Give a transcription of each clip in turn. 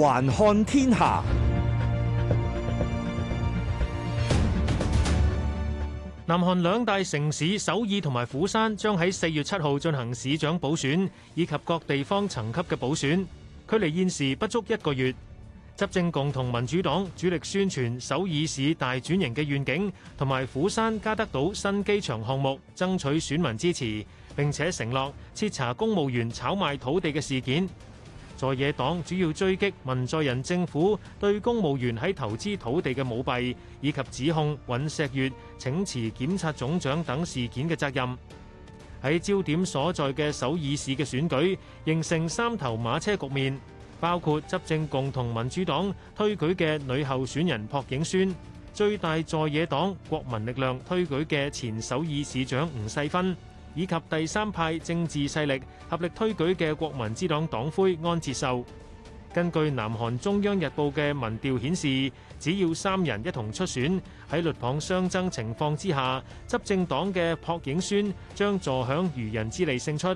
環看天下，南韓兩大城市首爾同埋釜山將喺四月七號進行市長補選，以及各地方層級嘅補選，距離現時不足一個月。執政共同民主黨主力宣傳首爾市大轉型嘅願景，同埋釜山加德島新機場項目，爭取選民支持，並且承諾徹查公務員炒賣土地嘅事件。在野黨主要追擊文在寅政府對公務員喺投資土地嘅舞弊，以及指控尹錫悅請辭檢察總長等事件嘅責任。喺焦點所在嘅首爾市嘅選舉，形成三頭馬車局面，包括執政共同民主黨推舉嘅女候選人朴映宣，最大在野黨國民力量推舉嘅前首爾市長吳世勳，以及第三派政治勢力合力推舉嘅國民之黨黨魁安哲秀，根據南韓中央日報嘅民調顯示，只要三人一同出選，喺兩方相爭情況之下，執政黨嘅朴映宣將坐享漁人之利勝出。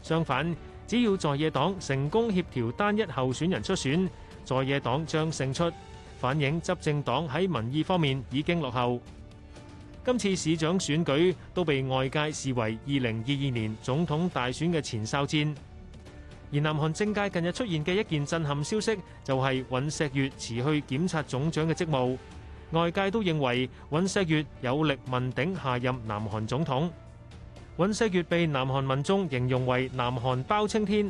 相反，只要在野黨成功協調單一候選人出選，在野黨將勝出，反映執政黨喺民意方面已經落後。今次市長選舉都被外界視為二零二二年總統大選嘅前哨戰。而南韓政界近日出現嘅一件震撼消息，就係尹錫悅辭去檢察總長嘅職務。外界都認為尹錫悅有力問鼎下任南韓總統。尹錫悅被南韓民眾形容為南韓包青天。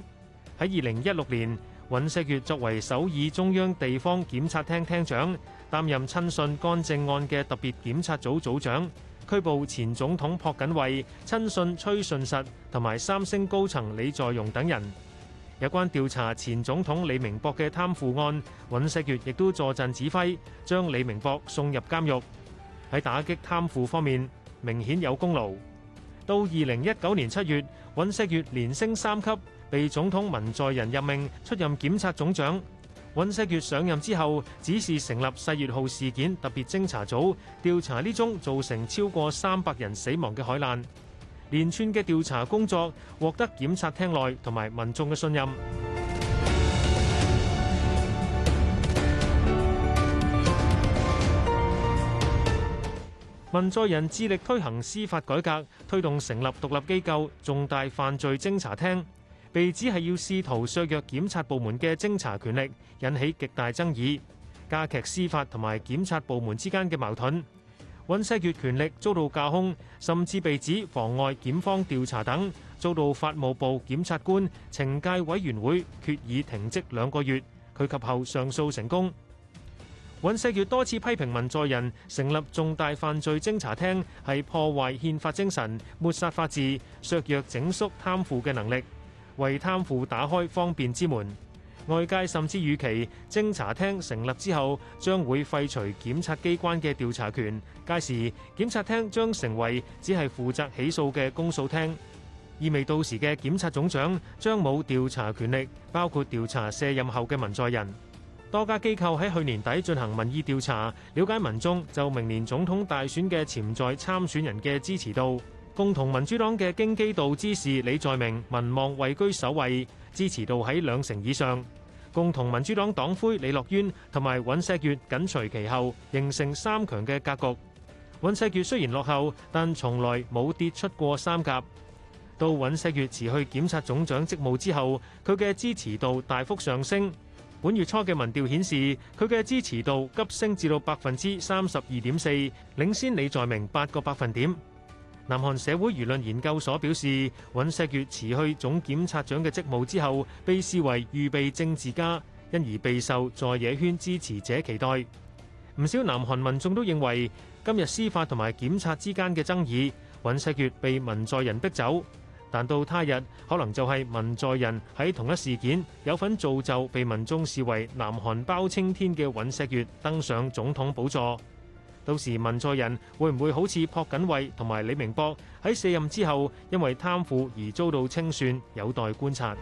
喺二零一六年，尹錫悅作為首爾中央地方檢察廳廳長，擔任親信干政案嘅特別檢察組組長，拘捕前總統朴槿惠、親信崔順實同埋三星高層李在容等人。有關調查前總統李明博嘅貪腐案，尹錫悅亦都坐鎮指揮，將李明博送入監獄。喺打擊貪腐方面，明顯有功勞。到二零一九年七月，尹錫悅連升三級。被總統文在寅任命出任檢察總長，尹錫悅上任之後，指示成立世越號事件特別偵查組，調查呢宗造成超過三百人死亡嘅海難。連串嘅調查工作獲得檢察廳內同埋民眾嘅信任。文 在寅致力推行司法改革，推動成立獨立機構重大犯罪偵查廳。被指係要試圖削弱檢察部門嘅偵查權力，引起極大爭議，加劇司法同埋檢察部門之間嘅矛盾。尹錫悅權力遭到架空，甚至被指妨礙檢方調查等，遭到法務部檢察官懲戒委員會決議停職兩個月。佢及後上訴成功。尹錫悅多次批評文在寅成立重大犯罪偵查廳係破壞憲法精神、抹殺法治、削弱整肅貪腐嘅能力，為貪腐打開方便之門，外界甚至預期偵查廳成立之後，將會廢除檢察機關嘅調查權，屆時檢察廳將成為只係負責起訴嘅公訴廳，意味到時嘅檢察總長將冇調查權力，包括調查卸任後嘅文在寅。多家機構喺去年底進行民意調查，了解民眾就明年總統大選嘅潛在參選人嘅支持度。共同民主黨嘅京畿道知事李在明民望位居首位，支持度喺兩成以上。共同民主黨黨魁李洛淵同埋尹錫悅緊隨其後，形成三強嘅格局。尹錫悅雖然落後，但從來冇跌出過三甲。到尹錫悅辭去檢察總長職務之後，佢嘅支持度大幅上升。本月初嘅民調顯示，佢嘅支持度急升至到百分之三十二點四，領先李在明八個百分點。南韓社會輿論研究所表示，尹錫悅辭去總檢察長嘅職務之後，被視為預備政治家，因而備受在野圈支持者期待。唔少南韓民眾都認為，今日司法同埋檢察之間嘅爭議，尹錫悅被文在寅逼走，但到他日可能就係文在寅喺同一事件有份造就，被民眾視為南韓包青天嘅尹錫悅登上總統寶座。到時文在寅會唔會好似朴槿惠同埋李明博喺卸任之後因為貪腐而遭到清算，有待觀察。